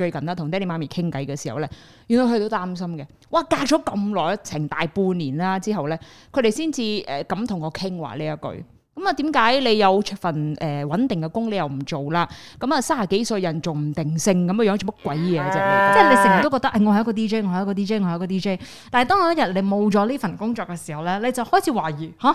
最近啦，同爹哋媽咪傾偈嘅時候咧，原來佢都擔心嘅。哇，隔咗咁耐，成大半年啦之後咧，佢哋先至誒咁同我傾話呢一句。咁啊，點解、啊、你有份誒穩定嘅工，你又唔做啦？咁啊，三十幾歲人做唔定性咁嘅樣，做乜鬼嘢啫？即係你成日都覺得，我係一個 DJ，我係一個 DJ，我係一個 DJ。但係當有一日你冇咗呢份工作嘅時候咧，你就開始懷疑吓。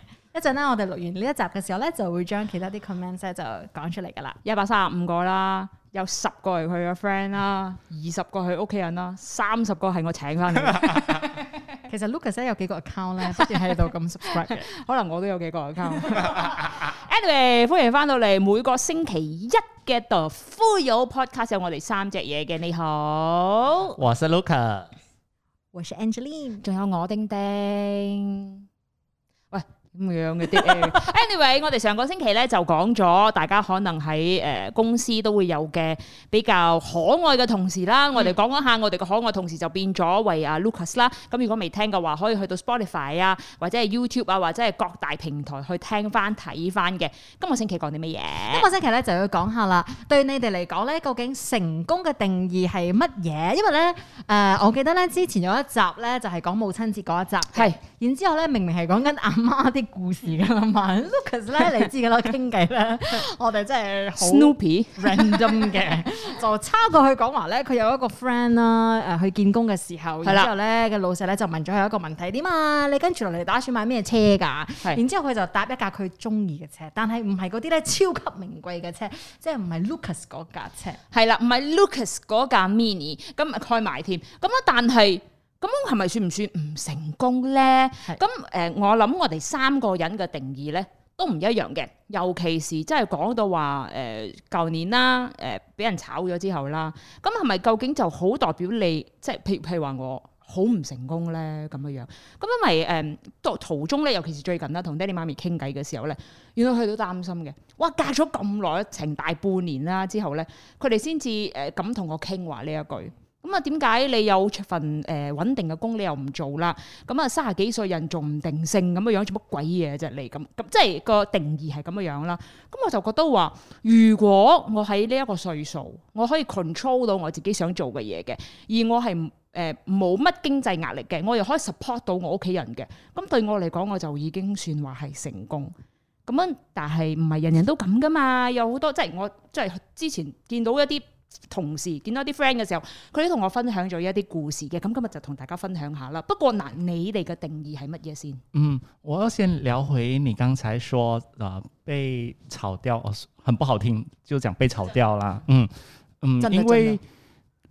一陣咧，我哋錄完呢一集嘅時候咧，就會將其他啲 comment 就講出嚟噶啦。一百三十五個啦，有十個係佢嘅 friend 啦，二十、嗯、個係佢屋企人啦，三十個係我請翻嚟。 其實 Lucas 咧有幾個 account 咧，不斷喺度咁 subscribe 可能我都有幾個 account。 Anyway，歡迎翻到嚟每個星期一嘅《The Fuyoh Podcast》，有我哋三隻嘢嘅。你好，我是 Lucas，我是 Angeline，仲有我丁丁。咁樣嘅啲 ，anyway，我哋上個星期咧就講咗，大家可能喺誒公司都會有嘅比較可愛嘅同事啦。嗯、我哋講講下我哋嘅可愛同事就變咗為阿 Lucas 啦。咁如果未聽嘅話，可以去到 Spotify 啊，或者係 YouTube 啊，或者係各大平台去聽翻睇翻嘅。今個星期講啲乜嘢？今個星期咧就要講下啦。對你哋嚟講咧，究竟成功嘅定義係乜嘢？因為咧誒、呃，我記得咧之前有一集咧就係、是、講母親節嗰一集，係是然之後咧明明係講緊阿媽啲。故事噶啦嘛，Lucas 咧，你知噶啦，傾偈咧，我哋真係好 snoopy random 嘅，就差過去講話咧。佢有一個 friend 啦，誒，去見工嘅時候，然了之後咧嘅老細咧就問咗佢一個問題，點啊？你跟住落嚟打算買咩車噶？的然之後佢就搭一架佢中意嘅車，但係唔係嗰啲咧超級名貴嘅車，即係唔係 Lucas 嗰架車？係啦，唔係 Lucas 嗰架 Mini，咁開埋添。咁啊，但係。咁係咪算唔算唔成功咧？咁是的、呃、我諗我哋三個人嘅定義咧都唔一樣嘅，尤其是即係講到話誒舊年啦，誒、呃、俾人炒咗之後啦，咁係咪究竟就好代表你即係譬如譬如話我好唔成功咧咁樣？咁因為誒、呃、途中咧，尤其是最近啦，同爹哋媽咪傾偈嘅時候咧，原來佢都擔心嘅。哇，隔咗咁耐，成大半年啦之後咧，佢哋先至誒咁同我傾話呢一句。咁啊？點解你有份誒穩定嘅工，你又唔做啦？咁啊，三十幾歲人仲唔定性，咁嘅樣做乜鬼嘢、啊、啫？你咁咁，即係個定義係咁嘅樣啦。咁我就覺得話，如果我喺呢一個歲數，我可以 control 到我自己想做嘅嘢嘅，而我係誒冇乜經濟壓力嘅，我又可以 support 到我屋企人嘅。咁對我嚟講，我就已經算話係成功。咁樣，但係唔係人人都咁噶嘛？有好多即係、就是、我即係之前見到一啲。同時見到啲 friend 嘅時候，佢都同我分享咗一啲故事嘅，咁今日就同大家分享下啦。不過嗱，你哋嘅定義係乜嘢先？嗯，我要先聊回你剛才說，啊、呃，被炒掉、哦，很不好聽，就講被炒掉了。嗯真嗯，嗯的因為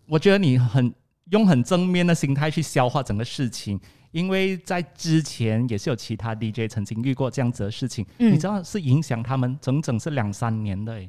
我覺得你很用很正面的心態去消化整個事情，因為在之前也是有其他 DJ 曾經遇過這樣子嘅事情，嗯、你知道是影響他們整整是兩三年的、欸。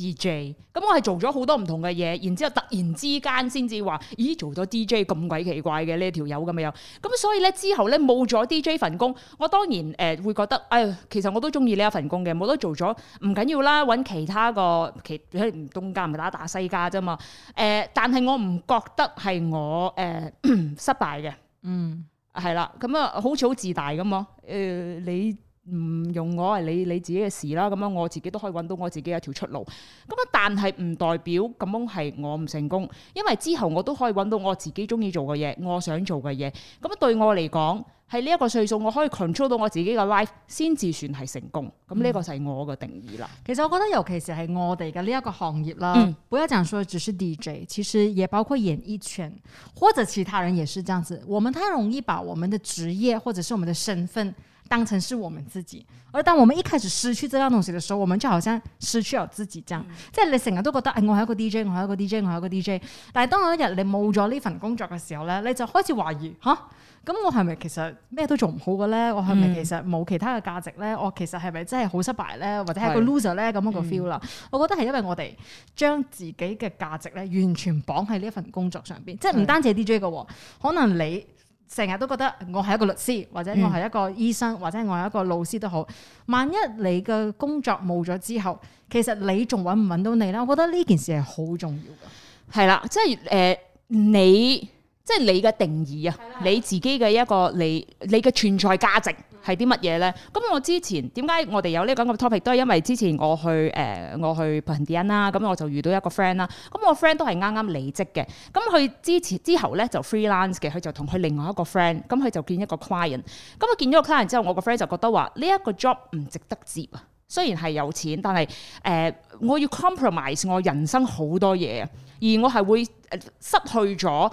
D.J. 咁我係做咗好多唔同嘅嘢，然之後突然之間先至話，咦，做咗 D.J. 咁鬼奇怪嘅呢條友咁啊，又，咁所以咧之後咧冇咗 D.J. 份工，我當然誒會覺得，哎，其實我都中意呢一份工嘅，冇得做咗唔緊要啦，搵其他個其即係東家唔打打西家啫，呃呃嗯、嘛，誒但係我唔覺得係我誒失敗嘅，嗯，係啦，咁啊好似好自大咁啊，誒你。唔、嗯、用我係你你自己嘅事啦，咁樣我自己都可以揾到我自己一條出路。咁樣但係唔代表咁樣係我唔成功，因為之後我都可以揾到我自己中意做嘅嘢，我想做嘅嘢。咁對我嚟講，喺呢一個歲數，我可以 control 到我自己嘅 life，先至算係成功。咁呢個就係我嘅定義啦。其實我覺得，尤其是係我哋嘅呢一個行業啦，嗯、不要淨係講只是 DJ，其實也包括演藝圈或者其他人也是這樣子。我們太容易把我們嘅職業或者是我們嘅身份。當成是我們自己，而當我們一開始失去這樣東西的時候，我們就好像失去了自己啫。這、嗯、即係你成日都覺得，哎、我係一個 DJ，我係一個 DJ，我係一個 DJ。但係當你沒有一日你冇咗呢份工作嘅時候咧，你就開始懷疑，吓，咁我係咪其實咩都做唔好嘅咧？嗯、我係咪其實冇其他嘅價值咧？我其實係咪真係好失敗咧？或者係個 loser 咧？咁的樣個 feel 啦。嗯、我覺得係因為我哋將自己嘅價值咧，完全綁喺呢一份工作上邊，即係唔單止係 DJ 嘅，是的 可能你。成日都覺得我係一個律師，或者我係一個醫生，嗯、或者我係一個老師都好。萬一你嘅工作冇咗之後，其實你仲揾唔揾到你呢？我覺得呢件事係好重要嘅，係啦，即係呃、你。即係你嘅定義啊，你自己嘅一個你你嘅存在價值係啲乜嘢咧？咁我之前點解我哋有呢個咁嘅 topic，都係因為之前我去誒、呃、我去普林迪恩啦，咁我就遇到一個 friend 啦。咁我 friend 都係啱啱離職嘅，咁佢之前之後咧就 freelance 嘅，佢就同佢另外一個 friend，咁佢就見一個 client。咁我見咗個 client 之後，我個 friend 就覺得話呢一個 job 唔值得接啊。雖然係有錢，但係誒、呃、我要 compromise 我人生好多嘢，啊。而我係會失去咗。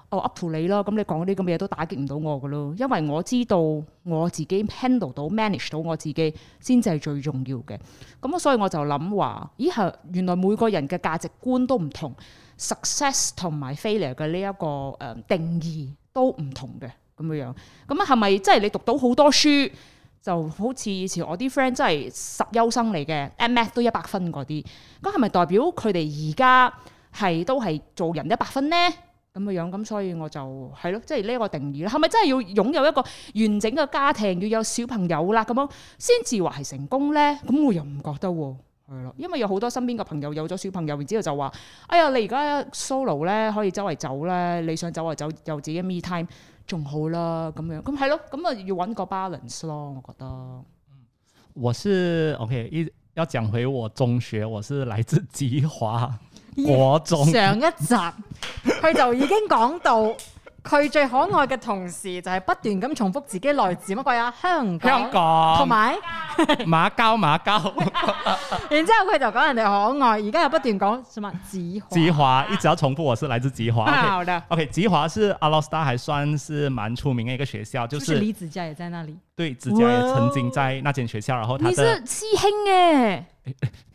我、oh, up to 你咯，咁你講啲咁嘅嘢都打擊唔到我噶咯，因為我知道我自己 handle 到、manage 到我自己，先至係最重要嘅。咁啊，所以我就諗話，咦係原來每個人嘅價值觀都唔同，success 同埋 failure 嘅呢一個誒定義都唔同嘅咁樣樣。咁啊，係咪即係你讀到好多書，就好似以前我啲 friend 真係十優生嚟嘅，add math 都一百分嗰啲，咁係咪代表佢哋而家係都係做人一百分呢？咁嘅樣，咁所以我就係咯，即係呢一個定義啦。係咪真係要擁有一個完整嘅家庭，要有小朋友啦，咁樣先至話係成功咧？咁我又唔覺得喎、哦，係咯，因為有好多身邊嘅朋友有咗小朋友，然之後就話：哎呀，你而家 solo 咧，可以周圍走咧，你想走啊，走，有自己 me time，仲好啦咁樣。咁係咯，咁啊要搵個 balance 咯，我覺得。嗯，我是 OK，要要講回我中學，我是來自吉華。上一集佢就已經講到佢最可愛嘅同事就係不斷咁重複自己來自乜鬼啊香港，香港同埋馬交馬交，然之後佢就講人哋可愛，而家又不斷講什麼吉華吉華，一直要重複我是來自吉華，好的，OK 吉華是亞羅士打，他還算是蠻出名嘅一個學校，就是李子嘉也在那裏，對子嘉曾經在那間學校，然後你是師兄誒。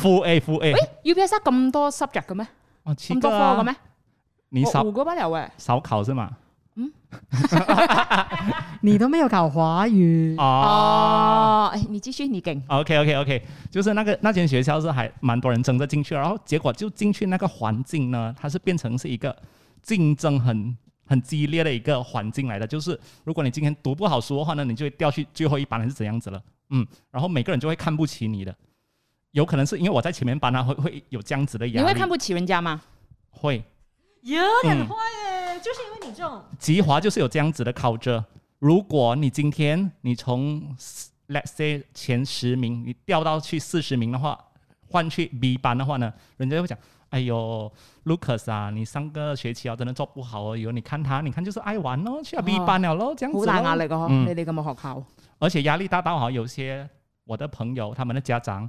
Full A Full A，喂，UPS 咁、哦啊、多 subject 嘅咩？咁多科嘅咩？你考過吧？你喂，少考是嘛？嗯，你都沒有考華語哦。哦，你繼續，你講。O K O K O K，就是那個那間學校是還蠻多人爭着進去，然後結果就進去那個環境呢，它是變成是一個競爭很很激烈的一個環境來的。就是如果你今天讀不好書嘅話呢，呢你就會掉去最後一班，還是怎樣子啦。嗯，然後每個人就會看不起你的。的有可能是因為我在前面班啊，會會有這樣子的壓力。你會看不起人家嗎？會，有點會，嗯、就是因為你這種。吉華就是有這樣子的考者。如果你今天你從 Let's say 前十名，你掉到去四十名的話，換去 B 班的話呢，人家會講：哎呦，Lucas 啊，你上個學期啊真的做不好哦、啊。以後你看他，你看就是愛玩咯，去了 B 班了咯。哦、這樣子咯。好大壓力哦，你哋咁嘅學校。而且壓力大到好，有些我的朋友他們的家長。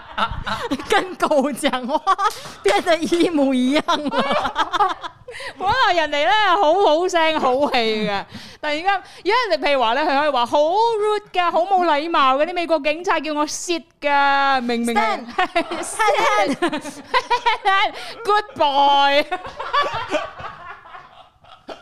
跟狗講話，變得一模一樣。本來 人哋咧好好聲好氣嘅，但係而家而家人哋譬如話咧，佢可以話好 rude 嘅，好冇禮貌嘅啲美國警察叫我 sit 噶，明唔明 Stand Stand . Stand. Good boy。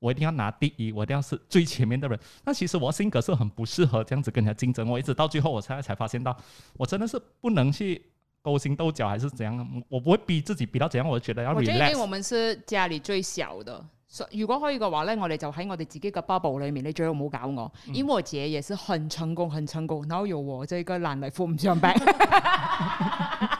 我一定要拿第一，我一定要是最前面的人。那其實我性格是很不適合這樣子跟人家競爭。我一直到最後，我現在才發現到，我真的是不能去勾心鬥角，還是怎樣？我不會逼自己逼到怎樣，我就覺得要 relax。我覺得我們是家裏最小的，如果可以的話咧，我哋就喺我哋自己嘅 bubble 裏面，你最好唔好搞我，因為我姐也是很成功，很成功，然後有我這個男內付唔上班。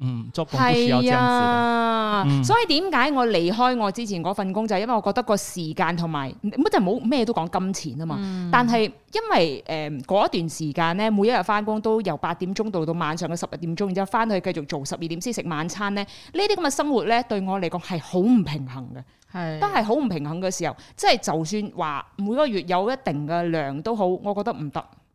嗯，係啊，嗯、所以點解我離開我之前嗰份工就係因為我覺得個時間同埋乜就係冇咩都講金錢啊嘛。嗯、但係因為誒一、呃、段時間咧，每一日翻工，都由八點鐘到到晚上嘅十一點鐘，然之後翻去繼續做十二點先食晚餐咧。呢啲咁嘅生活咧，對我嚟講係好唔平衡嘅。係，都係好唔平衡嘅時候，即、就、係、是、就算話每個月有一定嘅糧都好，我覺得唔得。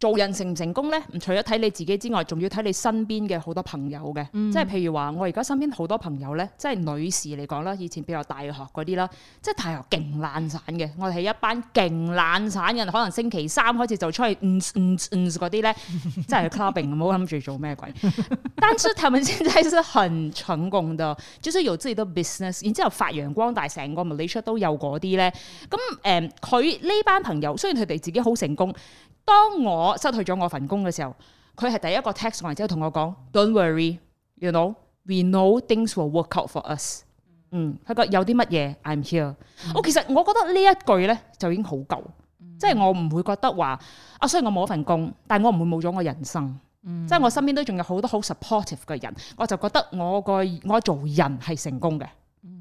做人成唔成功咧？唔除咗睇你自己之外，仲要睇你身邊嘅好多朋友嘅。嗯、即係譬如話，我而家身邊好多朋友咧，即係女士嚟講啦，以前譬如大學嗰啲啦，即係大學勁懶散嘅，我哋係一班勁懶散嘅人，可能星期三開始就出去 嗯嗯嗯嗰啲咧，即係 clubbing，唔好諗住做咩鬼。 但是他們現在是很蠢功的，就是有自己都 business，然之後發揚光大成個馬來西亞都有嗰啲咧。咁誒，佢、呃、呢班朋友雖然佢哋自己好成功。當我失去咗我份工嘅時候，佢係第一個 text 我，然之後同我講，Don't worry，you know，we know things will work out for us。嗯，佢覺得有啲乜嘢，I'm here。我其實我覺得呢一句咧就已經好夠，即係我唔會覺得話啊，雖然我冇咗份工，但係我唔會冇咗我人生。嗯，即係我身邊都仲有好多好 supportive 嘅人，我就覺得我個我做人係成功嘅。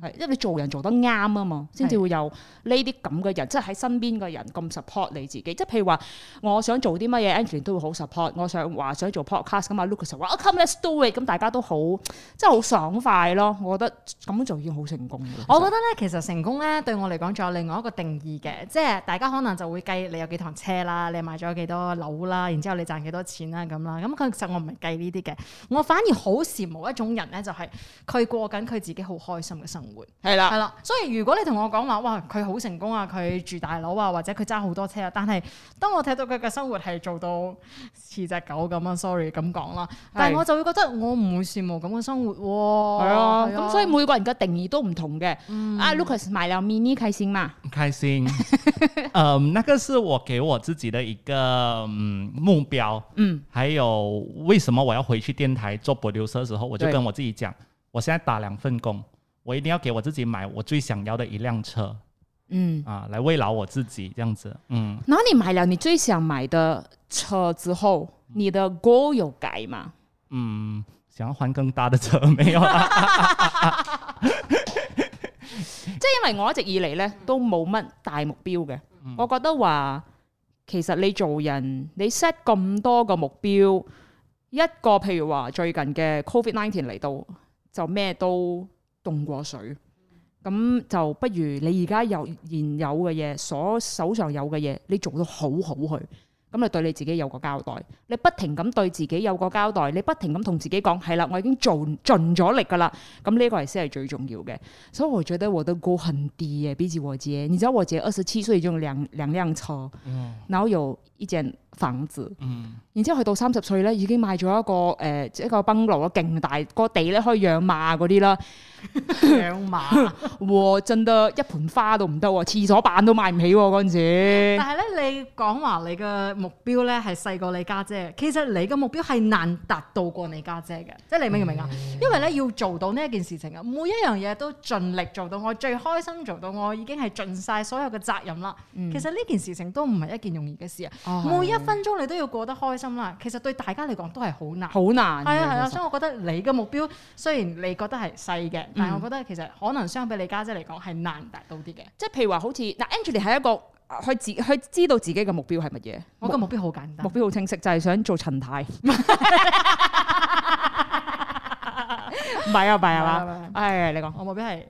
係，因為你做人做得啱啊嘛，先至會有呢啲咁嘅人，是的 即係喺身邊嘅人咁 support 你自己。即係譬如話，我想做啲乜嘢，Angeline 都會好 support。我想話想做 podcast 咁啊 Lucas 話 Come let's do it，咁大家都好，即係好爽快咯。我覺得咁就已經好成功。我覺得咧，其實成功咧對我嚟講，仲有另外一個定義嘅，即係大家可能就會計你有幾台車啦，你買咗幾多樓啦，然之後你賺幾多錢啦咁啦。咁其實我唔係計呢啲嘅，我反而好羨慕一種人咧，就係佢過緊佢自己好開心的。生活係啦，係啦的，所以如果你同我講話，哇，佢好成功啊，佢住大樓啊，或者佢揸好多車啊，但係當我睇到佢嘅生活係做到似隻狗咁樣，sorry 咁講啦，但係我就會覺得我唔會羨慕咁嘅生活，係啊，咁所以每個人嘅定義都唔同嘅。嗯、啊，Lucas 買了 mini 開心嘛？開心， 嗯，那個是我給我自己的一個嗯目標。嗯，還有為什麼我要回去電台做播流車的時候，我就跟我自己講，對我現在打兩份工。我一定要給我自己買我最想要的一輛車，嗯，啊，來慰勞我自己，這樣子，嗯。然後你買了你最想買的車之後，你的 goal 有改嗎？嗯，想要換更大的車，沒有啦。即係因為我一直以嚟咧都冇乜大目標嘅，嗯，我覺得話其實你做人你 set 咁多個目標，一個譬如話最近嘅 Covid nineteen 嚟到就咩都。凍過水，咁就不如你而家有現有嘅嘢，所手上有嘅嘢，你做到好好去，咁你對你自己有個交代，你不停咁對自己有個交代，你不停咁同自己講，係啦，我已經做盡咗力噶啦，咁呢個係先係最重要嘅。所以我覺得我的 goal 很低嘅，比起我姐，你知道我姐二十七歲就兩兩輛車，嗯然，然後又一間房子，嗯，你知道佢到三十歲咧已經買咗一個誒、呃、一個 bungalow 勁大，個地咧可以養馬嗰啲啦。養馬，哇、 哦！真得一盆花都唔得，廁所板都買唔起嗰、哦、陣時。但係咧，你講話你嘅目標咧係細過你家姐，姐，其實你嘅目標係難達到過你家姐嘅，即係你明唔明啊？嗯、因為咧要做到呢一件事情啊，每一樣嘢都盡力做到我，我最開心做到我，我已經係盡晒所有嘅責任啦。嗯、其實呢件事情都唔係一件容易嘅事啊，每一分鐘你都要過得開心啦。其實對大家嚟講都係好難，好難，係啊係啊。數所以我覺得你嘅目標雖然你覺得係細嘅。但係，我覺得其實可能相比你家姐嚟講係難達到啲嘅，即係譬如話好似嗱，Angeline 係一個佢自佢知道自己嘅目標係乜嘢？我嘅目標好簡單，目標好清晰，就係想做陳太。唔係啊，唔係啊嘛，係你講。我目標係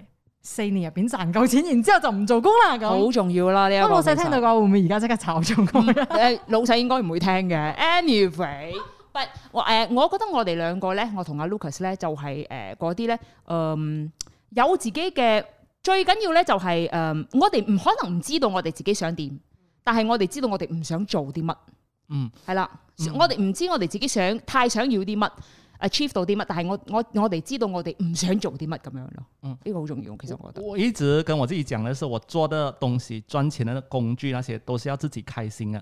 四年入邊賺夠錢，然之後就唔做工啦。咁好重要啦！啲老細聽到話會唔會而家即刻炒咗工咧？誒，老細應該唔會聽嘅，Anyway。But, 我誒、呃，我覺得我哋兩個咧，我同阿 Lucas 咧，就係誒嗰啲咧，嗯、呃呃，有自己嘅，最緊要咧就係、是、誒、呃，我哋唔可能唔知道我哋自己想點，但係我哋知道我哋唔想做啲乜，嗯，係啦，嗯、我哋唔知我哋自己想太想要啲乜，achieve 到啲乜，但係我我我哋知道我哋唔想做啲乜咁樣咯，嗯，呢個好重要，其實我覺得。我，我一直跟我自己講嘅，是我做嘅東西、賺錢嘅工具那些，都是要自己開心啊。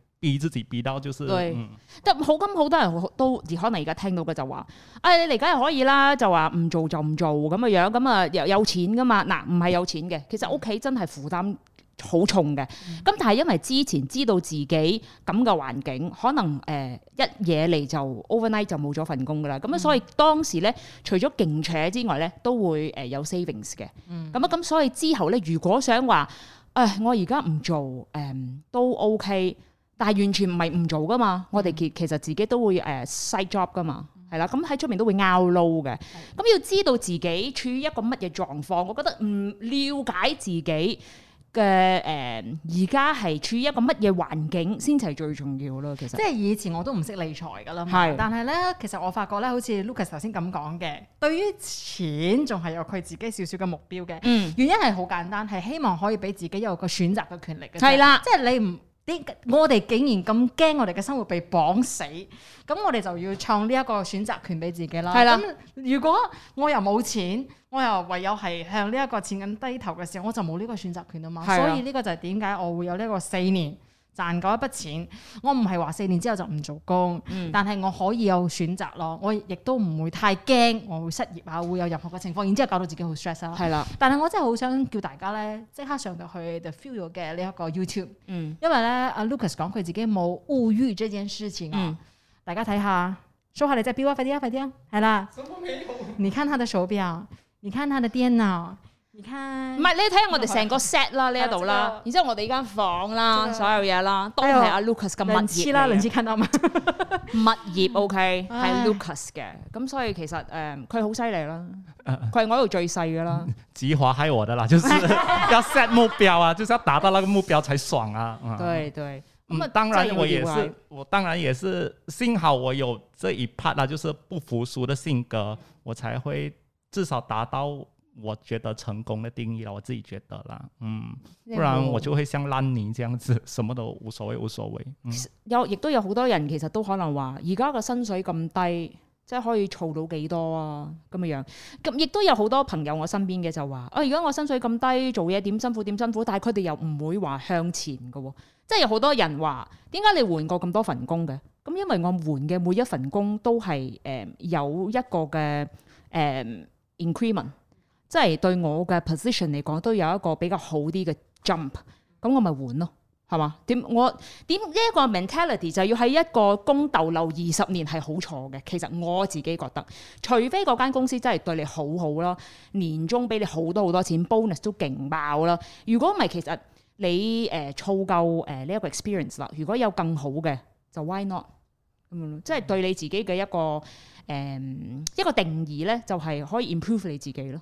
逼自己逼到就是，都好咁，好、嗯、多人都可能而家聽到嘅就話，哎，你嚟梗係可以啦，就話唔做就唔做咁嘅樣。咁啊，又有錢㗎嘛？嗱，唔係有錢嘅，嗯、其實屋企真係負擔好重嘅。咁、嗯、但係因為之前知道自己咁嘅環境，可能誒、呃、一嘢嚟就 overnight 就冇咗份工㗎喇。咁啊、嗯，所以當時咧，除咗勁扯之外咧，都會誒有 savings 嘅。咁啊、嗯，咁、嗯、所以之後咧，如果想話，哎、呃，我而家唔做誒、呃、都 OK。但係完全唔係唔做噶嘛，我哋其其實自己都會誒 side job 噶嘛，係、嗯、啦，咁喺出面都會拗撈嘅。咁、嗯、要知道自己處於一個乜嘢狀況，我覺得唔瞭解自己嘅誒而家係處於一個乜嘢環境先係最重要咯。嗯、其實即係以前我都唔識理財噶啦，是但係咧，其實我發覺咧，好似 Lucas 頭先咁講嘅，對於錢仲係有佢自己少少嘅目標嘅。Mm hmm. 原因係好簡單，係希望可以俾自己有個選擇嘅權力嘅。係啦，即係你唔。隔時間啲我哋竟然咁驚，我哋嘅生活被綁死，咁我哋就要創呢一個選擇權俾自己啦。係啦的，如果我又冇錢，我又唯有係向呢一個錢咁低頭嘅時候，我就冇呢個選擇權啊嘛。的所以呢個就係點解我會有呢個四年。賺夠一筆錢，我唔係話四年之後就唔做工，嗯、但係我可以有選擇咯。我亦都唔會太驚，我會失業啊，會有任何嘅情況，然之後搞到自己好 stress 啦了。啦，但係我真係好想叫大家咧，即刻上到去 The Fuyoh 嘅呢一個 YouTube，、嗯、因為咧阿、啊、Lucas 講佢自己冇物欲呢件事情啊，嗯、大家睇下，數下你隻錶啊，快啲啊，快啲啊，係啦，你看他的手錶，你看他的電腦。 唔係，你睇下我哋成個 set 啦，呢一度啦，然之後我哋呢間房啦，所有嘢啦，都係阿 Lucas 咁物業。冷氣啦，冷氣睇到嘛，物業 OK 係 Lucas 嘅，咁所以其實誒，佢好犀利啦，佢係我度最細噶啦。子畫嗨我得啦，就是要 set 目標啊，就是要達到那個目標才爽啊。對對，咁當然我也是，我當然也是，幸好我有這一 part 啦，就是不服輸的性格，我才會至少達到。我覺得成功的定義啦，我自己覺得啦，嗯，然後不然我就會像爛泥這樣子，什麼都無所謂，無所謂。嗯、有亦都有好多人其實都可能話，而家個薪水咁低，即係可以儲到幾多啊咁嘅樣。咁亦都有好多朋友我身邊嘅就話，啊，而家我薪水咁低，做嘢點辛苦點辛苦，但係佢哋又唔會話向前噶、哦。即係有好多人話，點解你換過咁多份工嘅？咁因為我換嘅每一份工都係誒、呃、有一個嘅誒 increment。呃 inc 即係對我嘅 position 嚟講，都有一個比較好啲嘅 jump，咁我咪換咯，係嘛？點我點呢一個 mentality 就係要喺一個工逗留二十年係好錯嘅。其實我自己覺得，除非嗰間公司真係對你好好啦，年終俾你好多好多錢 bonus 都勁爆啦。如果唔係，其實你誒湊、呃、夠誒呢一個 experience 啦，如果有更好嘅，就 why not 咁，即係對你自己嘅一個、呃、一個定義咧，就係、是、可以 improve 你自己咯。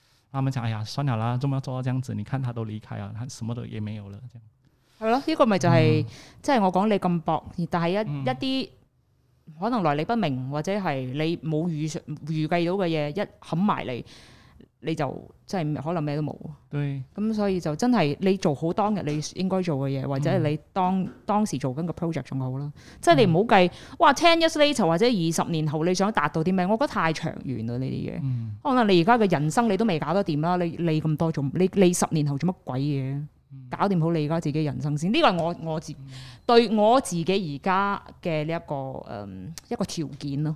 他們講：哎呀，算了啦，做乜做到這樣子？你看他都離開啊，他什麼都也沒有了，這樣。係咯，呢、這個咪就係、是嗯、即係我講你咁薄，但係一一啲、嗯、可能來歷不明或者係你冇預、預計到嘅嘢一冚埋嚟。你就即係可能咩都冇、啊，咁對所以就真係你做好當日你應該做嘅嘢，嗯、或者你當當時做緊個 project 仲好啦。嗯、即係你唔好計哇，ten years later 或者二十年後你想達到啲咩？我覺得太長遠啦呢啲嘢。嗯、可能你而家嘅人生你都未搞得掂啦，你理咁多做，你你十年後做乜鬼嘢？嗯、搞掂好你而家自己人生先。呢個係我我自、嗯、對我自己而家嘅呢一個條嗯一個條件咯。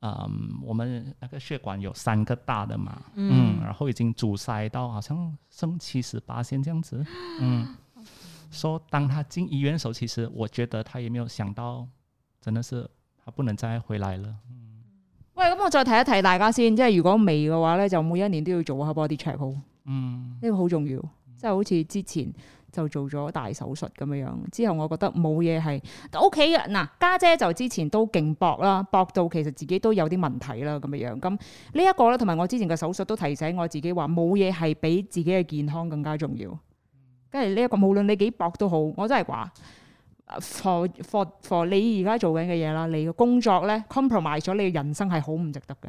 Um, 我們那個血管有三個大的嘛，嗯，嗯，然後已經阻塞到，好像剩七十八線這樣子，嗯，說、 so, 當他進醫院的時候，其實我覺得他也沒有想到，真的是他不能再回來了，嗯，喂，咁我再提一提大家先，即係如果未嘅話咧，就每一年都要做下 body check 好，嗯，呢個好重要，即係好似之前。嗯就做咗大手術咁樣樣，之後我覺得冇嘢係屋企嘅。嗱，OK，家姐就之前都勁搏啦，搏到其實自己都有啲問題啦咁樣樣。咁呢一個咧，同埋我之前嘅手術都提醒我自己話，冇嘢係比自己嘅健康更加重要。跟住呢一個，無論你幾搏都好，我真係話 for for for 你而家做緊嘅嘢啦，你嘅工作咧，compromise 咗你嘅人生係好唔值得嘅。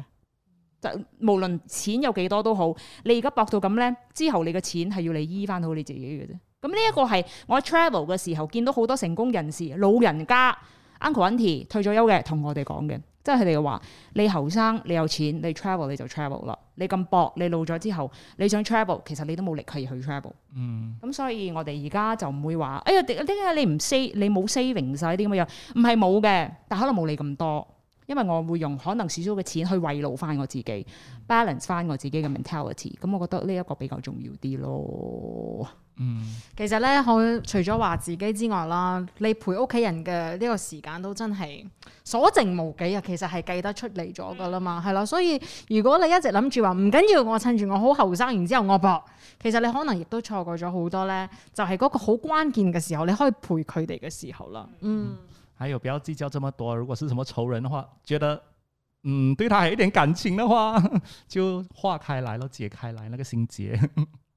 就無論錢有幾多都好，你而家搏到咁咧，之後你嘅錢係要你醫翻好你自己嘅啫。咁呢一個係我 travel 嘅時候見到好多成功人士，老人家 uncle auntie 退咗休嘅，同我哋講嘅，即係佢哋話：你後生，你有錢，你 travel 你就 travel 啦。你咁搏，你老咗之後，你想 travel，其實你都冇力氣去 travel。嗯。咁所以，我哋而家就唔會話：哎呀，點解你唔 save？你冇 saving 曬啲咁嘅嘢？唔係冇嘅，但可能冇你咁多，因為我會用可能少少嘅錢去慰勞翻我自己，balance 翻我自己嘅 mentality。咁、嗯、我覺得呢一個比較重要啲咯。嗯，其實咧，我除咗話自己之外啦，你陪屋企人嘅呢個時間都真係所剩無幾啊。其實係計得出嚟咗噶啦嘛，係啦。所以如果你一直諗住話唔緊要，我趁住我好後生，然之後我搏，其實你可能亦都錯過咗好多咧，就係嗰個好關鍵嘅時候，你可以陪佢哋嘅時候啦。嗯，嗯，還有不要計較這麼多，如果是什麼仇人的話，覺得嗯，對他有一點感情的話，就化開來了，解開來那個心結。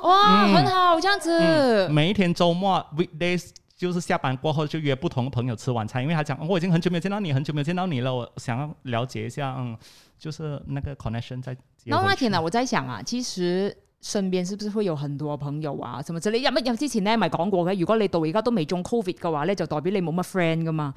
哇，嗯、很好，這樣子。嗯、每一天周末 weekdays，就是下班過後就約不同的朋友吃晚餐，因為他講、哦、我已經很久沒有見到你，很久沒有見到你了，我想要了解一下，嗯、就是那個 connection 在、嗯。那那天呢、啊，我在想啊，其實身邊是不是會有很多朋友啊？什至之入乜入之前呢，咪講過嘅，如果你到而家都未中 Covid 嘅話咧，就代表你冇乜 friend 噶嘛。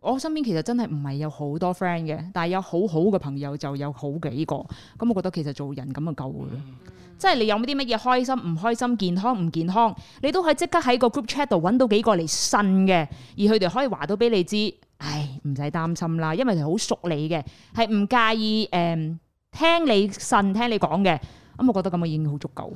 我身邊其實真係唔係有好多 friend 嘅，但係有好好嘅朋友就有好幾個，咁我覺得其實做人咁就夠嘅啦。嗯、即係你有啲乜嘢開心唔開心，健康唔健康，你都可以即刻喺個 group chat 度搵到幾個嚟呻嘅，而佢哋可以話到俾你知，唉唔使擔心啦，因為佢好熟你嘅，係唔介意誒、呃、聽你呻聽你講嘅，咁我覺得咁啊已經好足夠。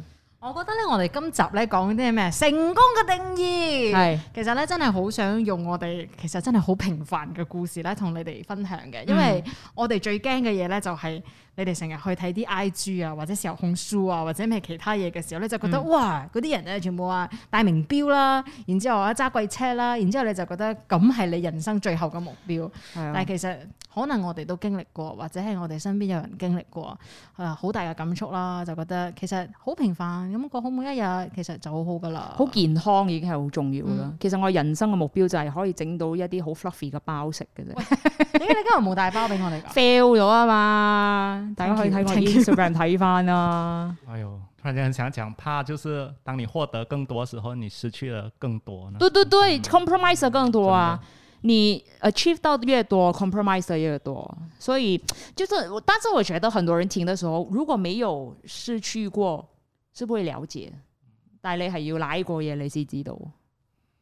我覺得咧，我哋今集咧講啲係咩？成功嘅定義。係，其實咧真係好想用我哋，其實真係好平凡嘅故事咧，同你哋分享嘅。因為我哋最驚嘅嘢咧，就係。你哋成日去睇啲 IG 啊，或者時候控書啊，或者咩其他嘢嘅時候咧，你就覺得、嗯、哇，嗰啲人全部啊戴名錶啦，然之後啊揸貴車啦，然之後你就覺得咁係你人生最後嘅目標。嗯、但係其實可能我哋都經歷過，或者係我哋身邊有人經歷過，好、啊、大嘅感觸啦，就覺得其實好平凡，咁過好每一日，其實就好好噶啦。好健康已經係好重要噶啦。嗯、其實我人生嘅目標就係可以整到一啲好 fluffy 嘅包食嘅啫。你,你今日冇大包俾我哋 fail 咗啊嘛！Thank you, thank you. 大家可以睇返 Instagram 睇返啊！ 哎呦，突然間想講，怕就是當你獲得更多時候，你失去了更多呢？對對對，嗯、，compromise 更多啊！嗯、的你 achieve 到越多，compromise 越多，所以就是，但是我覺得很多人聽的時候，如果沒有失去過，是不會了解。但係你係要舐過嘢，你先知道。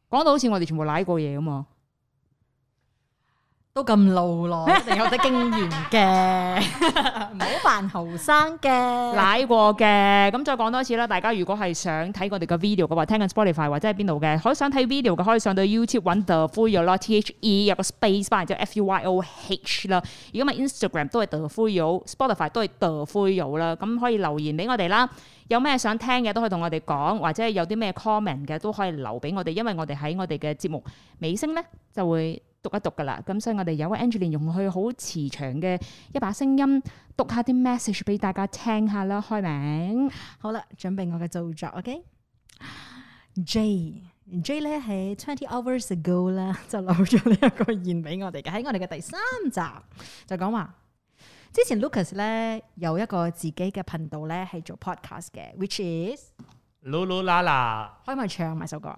講到好似我哋全部舐過嘢咁啊！都咁老咯，一定有得經驗嘅，唔好 扮後生嘅，奶過嘅。咁再講多次啦，大家如果係想睇我哋嘅 video 嘅話，聽緊 Spotify 或者係邊度嘅，可以想睇 video 嘅可以上到 YouTube 揾 The Fuyoh 啦，T H E 有個 space 翻，然之後 F U Y O H 啦。如果咪 Instagram 都係 The Fuyoh，Spotify 都係 The Fuyoh 啦。咁可以留言俾我哋啦，有咩想聽嘅都可以同我哋講，或者有啲咩 comment 嘅都可以留俾我哋，因為我哋喺我哋嘅節目尾聲咧就會。讀一讀噶啦，咁所以我哋有 Angeline 用佢好慈祥嘅一把聲音讀下啲 message 俾大家聽下啦，開名好啦，準備我嘅造作，OK？Jay，Jay 咧喺 twenty hours ago 啦，就留咗呢一個言俾我哋嘅喺我哋嘅第三集就講話，之前 Lucas 咧有一個自己嘅頻道咧係做 podcast 嘅，which is Lulu Lala，可唔可以唱埋首歌。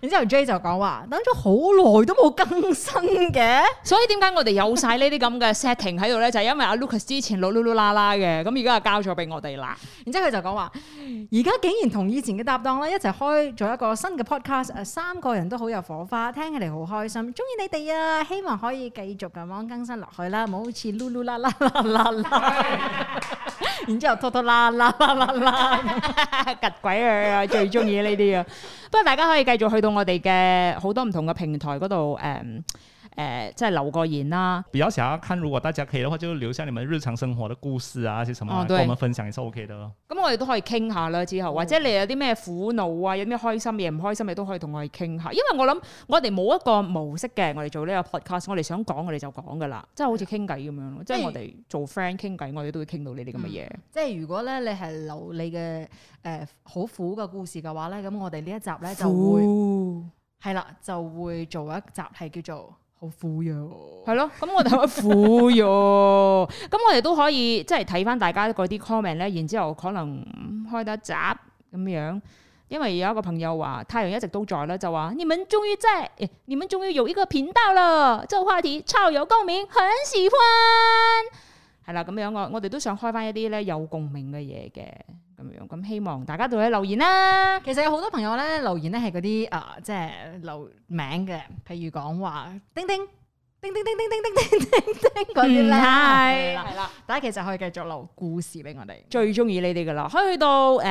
然之後 Jay 就講話等咗好耐都冇更新嘅，所以點解我哋有晒呢啲咁嘅 setting 喺度咧？ 就因為阿 Lucas 之前錄嚕嚕啦啦嘅，咁而家又交咗俾我哋啦。然之後佢就講話，而家竟然同以前嘅搭檔咧一齊開咗一個新嘅 podcast，誒，三個人都好有火花，聽起嚟好開心，中意你哋啊！希望可以繼續咁樣更新落去啦，唔好似嚕嚕啦啦啦啦啦。然之後拖拖拉拉拉拉拉，吉 鬼啊！最中意呢啲啊，不過 大家可以繼續去到我哋嘅好多唔同嘅平台嗰度誒誒、呃，即係留個言啦、啊。比較想要看，如果大家可以嘅話，就留下你們日常生活嘅故事啊，啲什麼、啊，同、哦、我們分享一次 OK 的。咁、嗯、我哋都可以傾下啦，之後或者你有啲咩苦惱啊，有啲咩開心嘢、唔開心嘅，都可以同我哋傾下。因為我諗，我哋冇一個模式嘅，我哋做呢個 podcast，我哋想講我哋就講噶啦，即係好似傾偈咁樣咯。即係我哋做 friend 傾偈，我哋都會傾到呢啲咁嘅嘢。即係如果咧，你係留你嘅誒好苦嘅故事嘅話咧，咁我哋呢一集咧就會係苦啦，就會做一集係叫做。好苦呀！係 咯，咁我哋好苦呀！咁 我哋都可以即係睇翻大家嗰啲 comment 咧，然之後可能開得閘咁樣，因為有一個朋友話太陽一直都在啦，就話你們終於即係，你們終於、欸、有一個頻道啦，這個話題超有共鳴，很喜歡。係啦，咁樣我我哋都想開翻一啲咧有共鳴嘅嘢嘅。咁樣咁，希望大家多啲留言啦。其實有好多朋友咧留言咧，係嗰啲誒，即係留名嘅，譬如講話叮叮叮叮叮叮叮叮叮嗰啲啦，係啦係啦。大家其實可以繼續留故事俾我哋最中意你哋噶啦，可以去到誒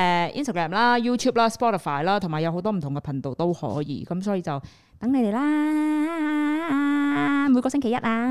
Instagram 啦、YouTube 啦、Spotify 啦，同埋有好多唔同嘅頻道都可以。咁所以就等你哋啦，每個星期一啊。